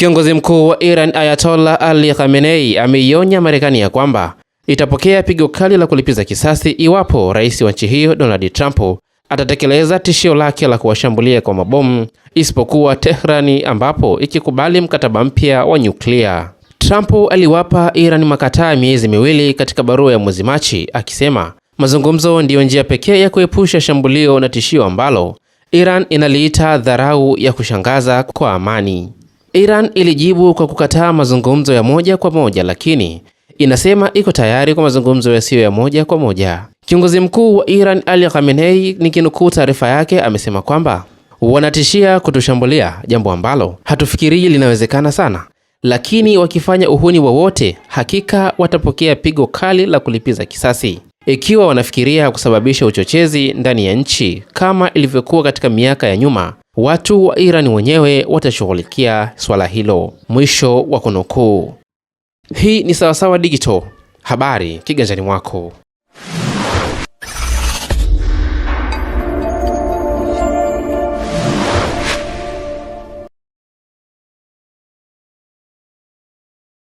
Kiongozi mkuu wa Iran Ayatollah Ali Khamenei ameionya Marekani ya kwamba itapokea pigo kali la kulipiza kisasi iwapo rais wa nchi hiyo Donald Trump atatekeleza tishio lake la kuwashambulia kwa mabomu isipokuwa Tehrani ambapo ikikubali mkataba mpya wa nyuklia. Trump aliwapa Iran makataa miezi miwili katika barua ya mwezi Machi akisema mazungumzo ndiyo njia pekee ya kuepusha shambulio na tishio ambalo Iran inaliita dharau ya kushangaza kwa amani. Iran ilijibu kwa kukataa mazungumzo ya moja kwa moja, lakini inasema iko tayari kwa mazungumzo yasiyo ya moja kwa moja. Kiongozi mkuu wa Iran Ali Khamenei, nikinukuu taarifa yake, amesema kwamba wanatishia kutushambulia, jambo ambalo hatufikirii linawezekana sana, lakini wakifanya uhuni wowote hakika watapokea pigo kali la kulipiza kisasi, ikiwa wanafikiria kusababisha uchochezi ndani ya nchi kama ilivyokuwa katika miaka ya nyuma watu wa Iran wenyewe watashughulikia swala hilo. Mwisho wa kunukuu. Hii ni Sawasawa Digital, habari kiganjani mwako.